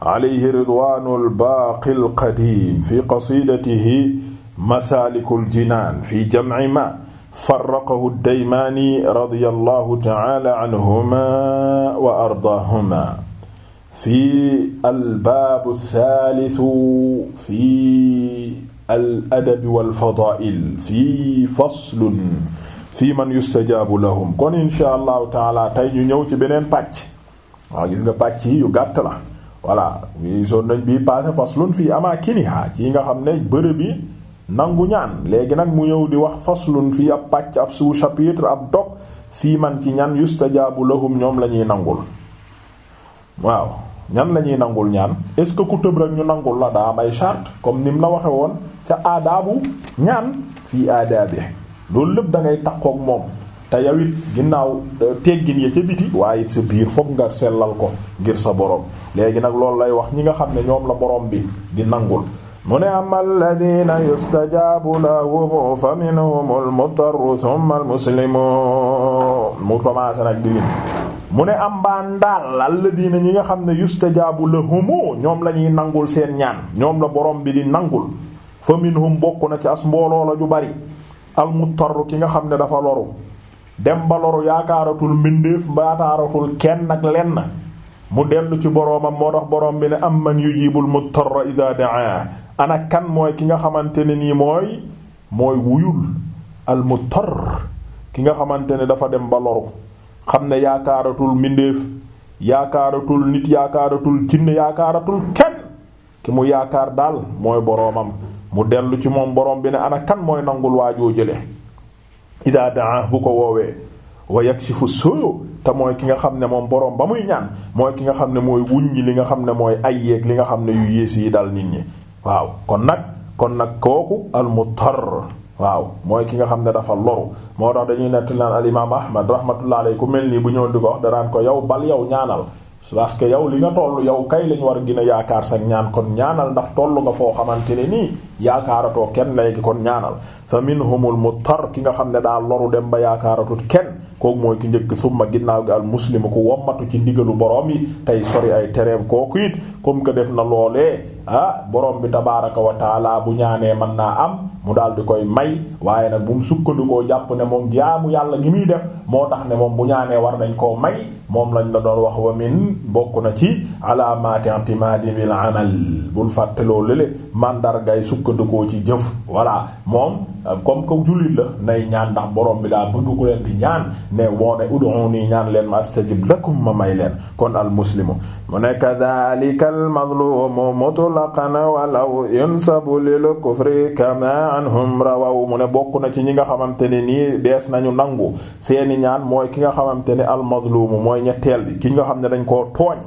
alayhi ridwaanul baaqil qadiim fi qasiidatihi masaalikul jinaan fi jamci maa farraqahu daymaani radiyallahu ta'aala anhumaa wa ardaahumaa fi albaabu saalisu fi al adabi wal fadaa'il fi faslun fi man yustajaabu lahum kon incha allahu taala tey ñu ñëw ci beneen pàcc waaw gis nga pàcc yi yu gàtt la. voilà bii son nañ bii passé faslun fii amaakiniha ci nga xam ne bërëb yi nangu ñaan léegi nag mu ñëw di wax faslun fii ab pàcc ab suu chapitre ab dog fii man ci ñan yustajabu lahum ñoom la ñuy nangul waaw ñan la ñuy nangul ñaan est ce que ku tëb ñu nangul la daa may ay charte comme ni mu la waxe woon ca aadaabu ñaan fii aadaabi loolu lépp da ngay takkook moom te yow ginnaaw euh, teggin ya ca biti waaye it sa biir fokk nga sellal ko ngir sa borom léegi nag loolu lay wax ñi nga xam ne ñoom la borom bi di nangul mu ne ama alladina yustajabu lahum fa minhum almutarru thumma almuslimu mu commencé nag di mu ne am baa ndaal ñi nga xam ne yustajabu lahum ñoom la ñuy nangul seen ñaan ñoom la borom bi di nangul fa minhum bokk na ci as mbooloo la ju bari almutarru ki nga xam ne dafa loru dem ba loru yaakaaratul mbindeef yaakaaratul kenn ak lenn mu dellu ci boromam moo tax boroom bi ne am man yu yujibul muttarra idha daa ana kan mooy ki nga xamante ne nii mooy mooy wuyul al muttar ki nga xamante ne dafa dem ba loru xam ne yaakaaratul mbindeef yaakaaratul nit yaakaaratul jinne yaakaaratul kenn ki mu yaakaar daal mooy boroomam mu dellu ci moom borom bi ne ana kan mooy nangul waajoo jële ida daa bu ko woowee wa yakshifu soo te mooy ki nga xam ne moom boroom ba muy ñaan mooy ki nga xam ne mooy wuñ wuññi li nga xam ne mooy ay yeeg li nga xam ne yu yéesu yi dal nit ñi waaw kon nag kon nag kooku al muttar waaw mooy ki nga xam ne dafa loru moo tax dañuy nett naan al imaam ahmad rahmatullah alayhi ku mel nii bu ñëw di ko wax danaan ko yow bal yow ñaanal parce que yow li nga toll yow kay lañ war a gën a yaakaar sax ñaan kon ñaanal ndax toll nga foo xamante ne nii yaakaaratoo kenn léegi kon ñaanal fa minhumul muttar ki nga xam ne daa loru dem ba yaakaaratut kenn kooku mooy ki njëkk summa ginnaaw gi al muslim ku wommatu ci ndigalu boroom yi tey sori ay tereem kooku it comme que def na loolee ah borom bi tabaaraka wa taala bu ñaanee mën naa am mu daal di koy may waaye nag bu mu sukkandikoo jàpp ne moom gi mu yàlla gi muy def moo tax ne moom bu ñaanee war nañ koo may moom lañu la doon wax womin bokk na ci alaamaati antimaadi bil amal bul fàtte loolu le mandargay sukkandikoo ci jëf voilà moom comme que jullit la nay ñaan ndax borom bi daa bëgg ku leen ne woone ud'uuni ñaan leen ma astajib lakum ma may leen kon al muslimu mu ne kadhalika al mazlumu mutlaqan walaw yunsabu lil kufri kama anhum rawaw mu ne bokk na ci ñi nga xamante ne nii dees nañu nangu seeni ñaan mooy ki nga xamante ne al mazlumu mooy ñetteel bi ki nga xam ne dañ koo tooñ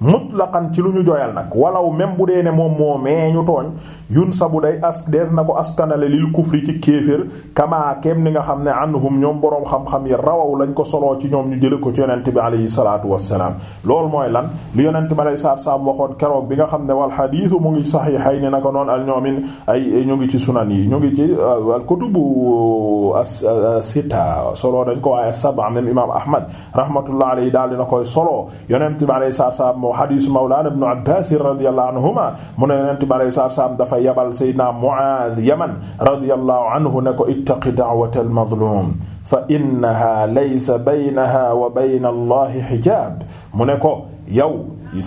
mutlaqan ci lu ñu joyal nag walaw même bu dee ne moom moo mee ñu tooñ yun sa bu day as dees na ko askanale lil kufri ci kéefér kamaa ni nga xam ne anhum ñoom boroom xam-xam yi rawaw lañ ko soloo ci ñoom ñu jële ko ci yonente bi alayhi salatu wassalaam loolu mooy lan li yonente bi alayhi salatu wassalaam waxoon keroog bi nga xam ne wal xadiisu mu ngi saxiixay ni nako noonu al ñoomin ay ñu ngi ci sunan yi ñu ngi ci uh, al kutubu uh, as-sita uh, soloo dañ ko waaye sab saba même imam ahmad rahmatullah alayhi daal dina koy soloo yonente bi alayhi salatu wassalaam wa hadiisu mawlaana ibnu abbaas radiyallahu anhuma mu ne yonent bi alayhi salaatu salaam dafa yabal sayyidina muaaz yaman radiyallahu anhu ne ko ittaqi da'watal mazluum fa innaha laysa baynaha wa bayna allahi xijaab mu ne ko yow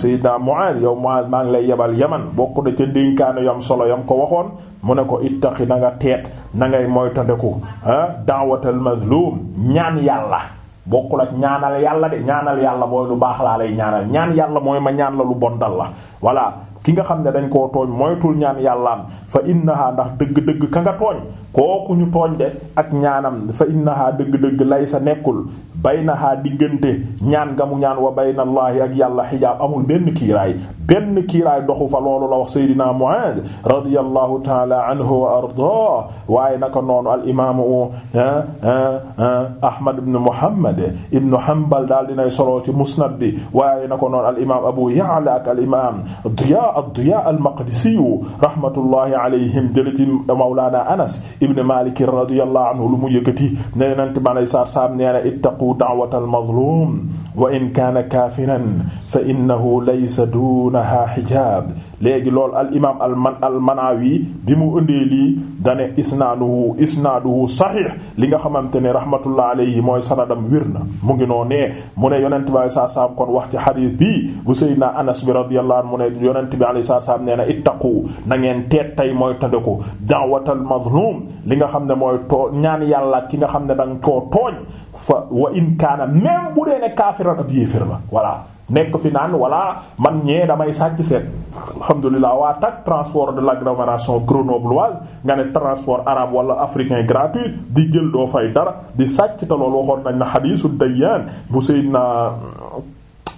sayyidina Muaaz yow Muaaz maa ngi lay yebal yaman bokk na ca ndénkaane yam solo yam ko waxoon mu ne ko ittaqi na nga teet na ngay moytandeku ah da'watal mazluum ñaan yàlla bokkul ak ñaanal yàlla de ñaanal yàlla mooy lu baax laa lay ñaanal ñaan yàlla mooy ma ñaan la lu bon dal la voilà ki nga xam ne dañ koo tooñ moytul ñaan yàllaam fa innaha ndax dëgg-dëgg ka nga tooñ kooku ñu tooñ de ak ñaanam fa innaha dëgg-dëgg lay sa nekkul baynaha diggante ñaan nga mu ñaan wa baynallaahi ak yàlla xijaab amul benn kiiraay benn kiiraay doxu fa loolu la wax Seydina Muaad radiyallahu taala anhu wa ardaa waaye naka noonu al imaamu eh, eh, eh, Ahmad ibn Muhammad ibn Hanbal daal dinay solo ci musnad bi waaye naka noonu al imaam Abu Ya'la al imaam Diyaa Abdallah ad-Diyaa al-Maqdisiyu rahmatullahi alayhim jële ci Mawlaana Anas ibn Maalik radiyallahu anhu lu mu yëkkati ne Yonent bi alayhi salaatu salaam nee na ittaqu da'watal mazluum wa in kaana kaafiran fa innahu laysa duunahaa hijaab léegi loolu al imaam al man al manawi bi mu ëndee lii dane isnaaduhu isnaaduhu saxiix li nga xamante ne rahmatullah alayhi mooy sanadam wér na mu ngi noo nee mu ne yonent bi saa salaam kon wax ci xadiis bi bu sayyidina anas bi radiyallahu anhu mu ne yonent bi alayhi salaam nee na ittaqu na ngeen teet tey mooy tadeko da'watal mazlum li nga xam ne mooy too ñaan yàlla ki nga xam ne danga koo tooñ fa wa in kaana même bu dee ne kaafiran ab yéefér la voilà nekk fi naan walla man ñee damay sàcc seet alhamdulilah waa tak transport de l'agglomération grenobloise nga ne transport arabe wala africain gratuit di jël doo fay dara di sàcc te loolu nañ na hadisu Dayyaan bu Seydina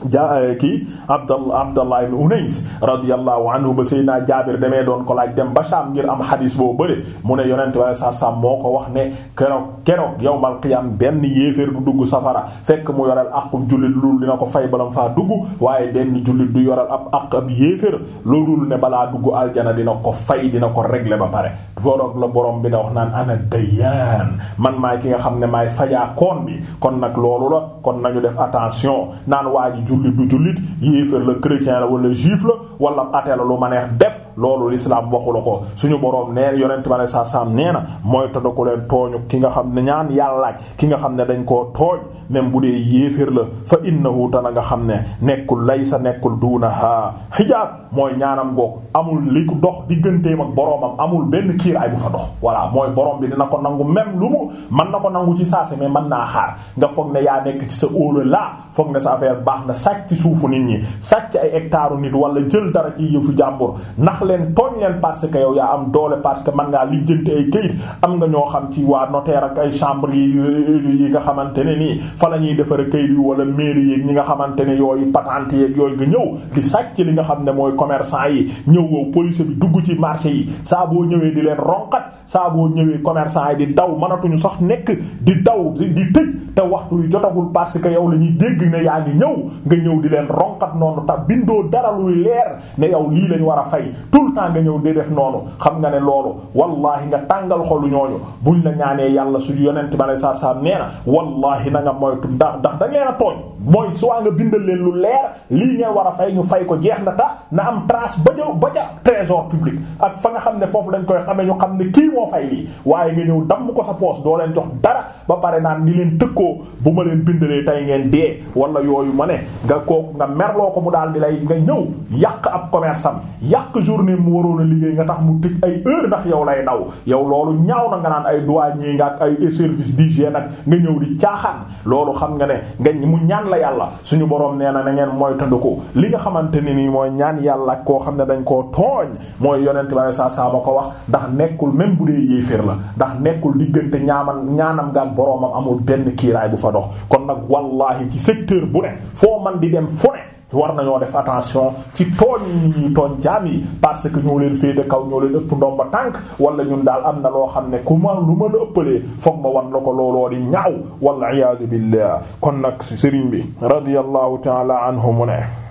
ja eh, kii Abdallah Abdallah ibn Unays radiyallahu anhu ba Seydina Jaabir demee doon ko laaj dem ba Sham ngir am xadis boobu bële mu ne yonent waaye sa sam moo ko wax ne keroog keroog yawmal qiyaam benn yéeféer du dugg safara fekk mu yoral aqub jullit loolu dina ko fay balam faa dugg waaye benn jullit du yoral ab aq ab lu loolu ne balaa dugg aljana dina ko fay dina ko régler ba pare borom la borom bi la wax naan ana dayyaan man maay ki nga xam ne maay fajaakoon bi kon nag loolu la kon nañu def attention naan waa ji jullit du jullit yéefar la chrétien la wala juif la wala athée la lu ma def loolu lislaam waxu la ko suñu boroom nee yonent ma ne saa saam nee na mooy tëdd ko leen tooñu ki nga xam ne ñaan yàlla ki nga xam ne dañ koo tooñ même bu dee yéeféer la fa innahu tana nga xam ne nekkul lay sa nekkul duunaha xijaab mooy ñaanam goog amul li ko dox digganteem ak boroomam amul benn kiiraay bu fa dox voilà mooy borom bi dina ko nangu même lu mu mën na ko nangu ci saasi mais mën naa xaar nga foog ne yaa nekk ci sa óola laa foog ne sa affaire baax na sàcc suufu nit ñi sàcc ay hectares nit wala jël dara ci yëfu jàmbur leen tooñ leen parce que yow yaa am doole parce que man ngaa lijjanti ay këyit am nga ñoo xam ci waa notaire ak ay chambre yi euh, yi nga xamante ne nii fa la ñuy defare këyit yi wala mairie yeeg ñi nga xamante ne yooyu patente yeeg yooyu nga ñëw di sàcc li nga xam ne mooy commerçant yi ñëwoo wow bi dugg ci marché yi saa ñëwee di leen ronkat saa ñëwee commerçant yi di daw mënatuñu sax nekk di daw di tëj te waxtu yu jotagul parce que yow la ñuy dégg ne yaa ñëw nga ñëw di leen ronkat noonu ta bindoo dara yow lii lañ war a fay tout le temps nga ñëw di def noonu xam nga ne loolu wallahi nga tàngal xolu ñooñu buñ la ñaanee yàlla su yonent ba ne saa saa nee na wallahi na nga moytu ndax ndax da ngeen a tooñ mooy soit nga bindal leen lu leer lii ngeen war a fay ñu fay ko jeex na ta na am trace ba jëw ba ja trésor public ak fa nga xam ne foofu dañ koy xamee ñu xam ne kii moo fay lii waaye nga ñëw damm ko sa poos doo leen jox dara ba pare naan ni leen tëkkoo bu ma leen bindalee tey ngeen dee wala yooyu ma ne nga kooku nga merloo ko mu daal di lay nga ñëw yàq ab commerce yàq jour journée mu waroon a liggéey nga tax mu tëj ay heure ndax yow lay daw yow loolu ñaaw na nga naan ay douanier nga ak ay service d'hygiène ak nga ñëw di caaxaan loolu xam nga ne nga mu ñaan la yàlla suñu boroom nee na na ngeen mooy ko li nga xamante ne nii mooy ñaan yàlla koo xam ne dañ koo tooñ mooy yonent ba saa saa ma ko wax ndax nekkul même bu dee yéeféer la ndax nekkul diggante ñaaman ñaanam nga ak boroomam amul benn kiiraay bu fa dox kon nag wallaahi ci secteur war nañoo def attention ci tooñ yi ñuy tooñ jaam yi parce que ñoo leen féete kaw ñoo leen ëpp ndomba tànk wala ñun daal am na loo xam ne ku ma lu ma la ëppalee foog ma wan la ko looloo di ñaaw wal iyaadu billah kon nag si sëriñ bi radiyallahu ta'ala anhu mu ne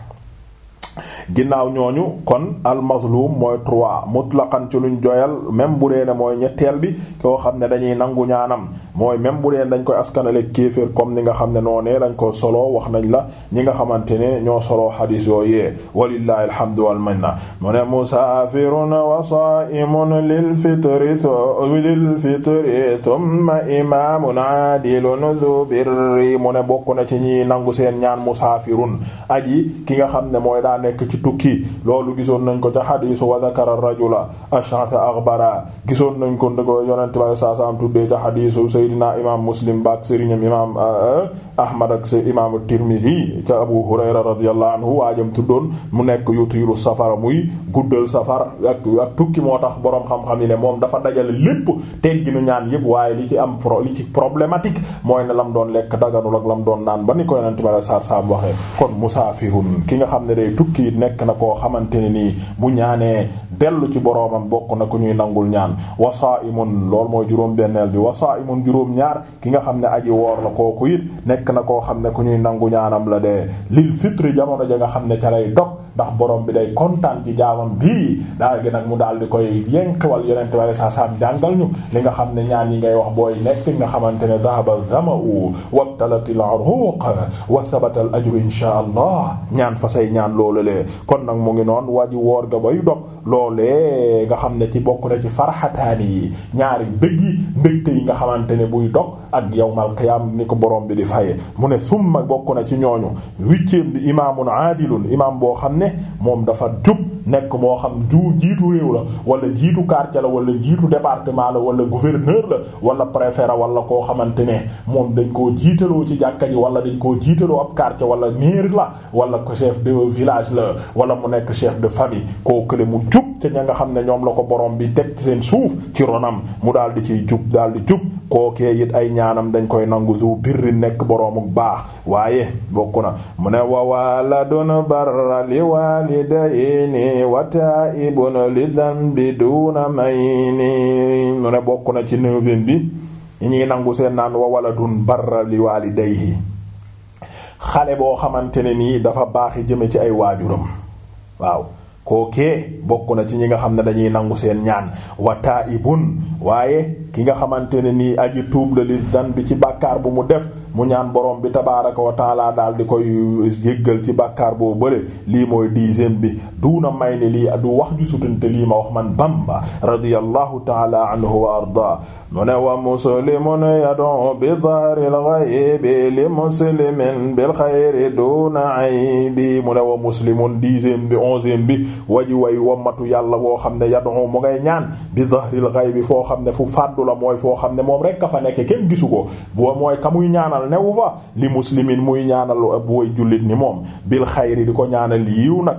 ginnaaw ñooñu kon almazlum mooy trois mutlaqan ci luñ joyal même bu dee mooy ñetteel bi koo xam ne dañuy nangu ñaanam mooy même bu dee dañ koy askanale kéeféer comme ni nga xam ne noonee dañ ko solo wax nañ la ñi nga xamante ne ñoo solo xadiis yooyee walillahi alhamdu wal minna mu ne musaafirun wa saaimun lil fitri lil fitri thumma imamun aadilun zu birri mu ne bokk na ci ñi nangu seen ñaan musaafirun aji ki nga xam ne mooy daa nekk ci tukki loolu gisoon nañ ko ca xadiisu wa zakara rajula ash'atha aghbara gisoon nañ ko ndeko yonente bi saa saam tuddee ca xadiisu Seydina imam Muslim baak sëriñam imam eh, Ahmad ak sa imam Tirmidhi ca Abu Hurayra radiyallahu waajam tuddoon mu nekk yutiilu safara muy guddal safar ak ak tukki moo tax boroom xam-xam yi ne moom dafa dajale lépp tegginu ñaan yëpp waaye li ci am pro li ci problématique mooy ne lam doon lekk daganul ak lam doon naan ba ni ko yonente nekk na koo xamante ne nii bu ñaanee dellu ci boroomam bokk na ku ñuy nangul ñaan wa saa'imun loolu mooy juróom-benneel bi wa saa'imun juróom-ñaar ki nga xam ne aji woor la kooku it nekk na koo xam ne ku ñuy nangu ñaanam la dee lil fitri jamono ja nga xam ne ca lay dog ndax borom bi day kontaan ci jaamam bii daal gi nag mu daal di koy yenqiwal yonente ware sa sam jàngal ñu li nga xam ne ñaan yi ngay wax booy nekk nga xamante ne dahaba zama'u wabtalatil aruq wa thabata al ajru insha allah ñaan fa kon nag mu ngi noon waji woor ga bay dog loolee nga xam ne ci bokk na ci farxataani yi ñaari bëgg yi mbégte yi nga xamante ne buy dog ak yawmal qiyaam ni ko borom bi di fayee mu ne summa bokk na ci ñooñu huitième bi imaamun aadilun imaam boo xam ne moom dafa jub nekk moo xam ju jiitu réew la wala jiitu quartier la wala jiitu département la wala gouverneur la wala préfet la wala koo xamante ne moom dañ koo jiitaloo ci jàkka ji wala dañ koo jiitaloo ab quartier wala maire la wala ko chef de village la wala mu nekk chef de famille koo kële mu jub te ña nga xam ne ñoom la ko borom bi teg seen suuf ci ronam mu daal di ciy jub daal di jub kookee it ay ñaanam dañ koy nangu du birri nekk boroomu baax waaye bokku na mu mayni wa taa'ibun li dhanbi duuna mayni mu ne bokk na ci neuvième bi ñi ñuy nangu seen naan wa waladun barra li waalidayhi xale boo xamante ne nii dafa baaxi jëme ci ay waajuram waaw kookee bokk na ci ñi nga xam ne dañuy nangu seen ñaan wa taa'ibun waaye ki nga xamante ne nii aji tuub la li dhanbi ci bàkkaar bu mu def mu ñaan borom bi tabaaraka wa taala daal di koy jéggal ci bàkkaar boo bële lii mooy dixième bi duuna may ni lii du wax ju sutante lii ma wax man Bamba radiyallahu taala anhu wa arda mu ne wa muslimun yad'u bi dhahril ghaibi li muslimin bil khayri duuna aybi mu ne wa muslimun dixième bi onzième bi waji way wammatu yàlla woo xam ne yad'u mu ngay ñaan bi dhahril bi foo xam ne fu fàddu la mooy foo xam ne moom rek a fa nekk kenn gisu ko bo mooy kamuy ñaanal ñaanal newu fa li muslimin muy ñaanal ab way jullit ni moom bil xayri di ko ñaanal yiw nag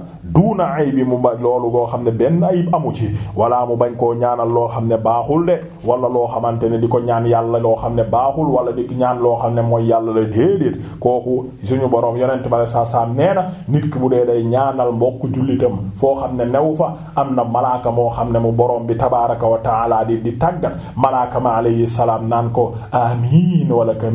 ay bi mu ba loolu goo xam ne benn ayib amu ci wala mu bañ koo ñaanal loo xam ne baaxul de wala loo xamante ne di ko ñaan yàlla loo xam ne baaxul wala di ñaan loo xam ne mooy yàlla la déedéet kooku suñu borom yonent ma sa sam nee na nit ki bu dee day ñaanal mbokk jullitam foo xam ne newu fa am na malaaka moo xam ne mu borom bi tabaraka wa taala di di tàggat malaaka ma alayhi salaam naan ko amiin wala ka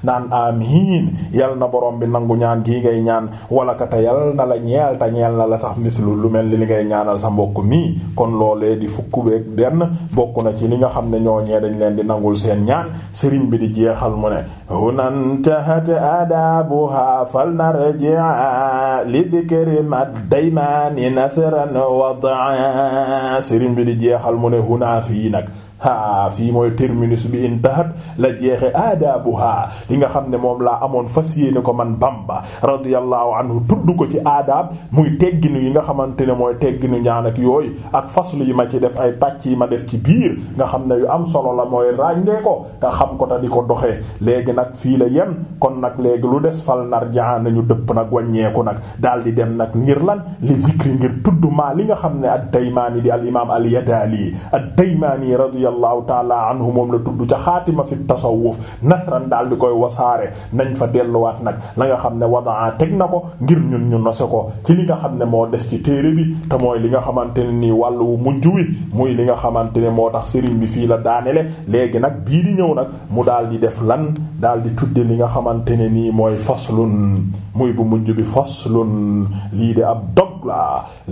naan amiin yal na borom bi nangu ñaan gii ngay ñaan wala ka te yal na la ñeel te na la sax mislu lu mel ni li ngay ñaanal sa mbokk mii kon loolee di fukk beeg benn bokk na ci li nga xam ne ñoo ñooñee dañ leen di nangul seen ñaan sëriñ bi di jeexal mu ne hunantahat adabuha fal narji'a li bi di jeexal mu ne nag haa fii mooy terminus bi intahat la jeexe aadaabuha li nga xam ne moom laa amoon fas yéene ko man Bamba radiyallahu anhu tudd ko ci aadaab muy tegginu yi nga xamante ne mooy tegginu ñaan ak yooyu ak faslu yi ma ci def ay pàcc yi ma def ci biir nga xam ne yu am solo la mooy ràññee ko te xam ko te di ko doxee léegi nag fii la yem kon nag léegi lu des fal nar jaa nañu dëpp nag wàññeeku nag daal di dem nag ngir lan li zikri ngir tudd maa li nga xam ne ad-Daymaani di al imaam al radiyallahu taala anhu moom la tudd ca xaatima fi tasawuf nasran daal di koy wasaare nañ fa delluwaat nag la nga xam ne wadaa teg na ko ngir ñun ñu nose ko ci li nga xam ne moo des ci téere bi te mooy li nga xamante ne nii wàllu wu mujj wi muy li nga xamante ne moo tax sëriñ bi fii la daanele léegi nag bii di ñëw nag mu daal di def lan daal di tudde li nga xamante ne nii mooy faslun muy bu mujj bi faslun lii de ab dog la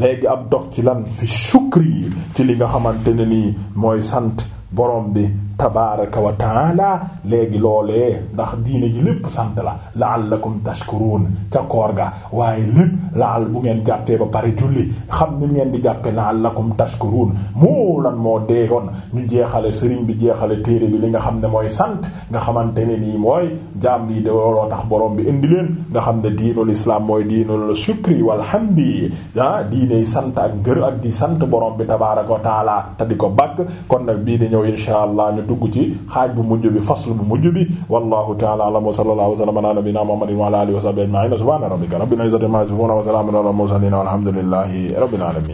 léegi ab dog ci lan fi shukri ci li nga xamante ne nii mooy sant borom bi tabaaraka wa taala léegi loolee ndax diine ji lépp sant la la àll la'allakum tashkurun ca koor ga waaye lépp àll bu ngeen jàppee ba pare julli xam ni ngeen di jàppe la'allakum tashkurun moo lan moo deegoon ñu jeexale sëriñ bi jeexale téere bi li nga xam ne mooy sant nga xamante ne nii mooy jaam yi de looloo tax borom bi indi leen nga xam ne diinul islam mooy diinul shukri walhamdi ah diiney sant ak gër ak di sant borom bi tabaaraka wa taala te di ko bàkk kon nag bii di ñëw insha dugg ci xaaj bu mujj bi fasl bu mujj bi wallahu ta'ala a'lam wa sallallahu wa sallam ala nabiyyina muhammadin wa ala alihi wa sahbihi ajma'in subhana rabbika rabbil izzati amma yasifun wa salamun ala al mursalin walhamdulillahi rabbil alamin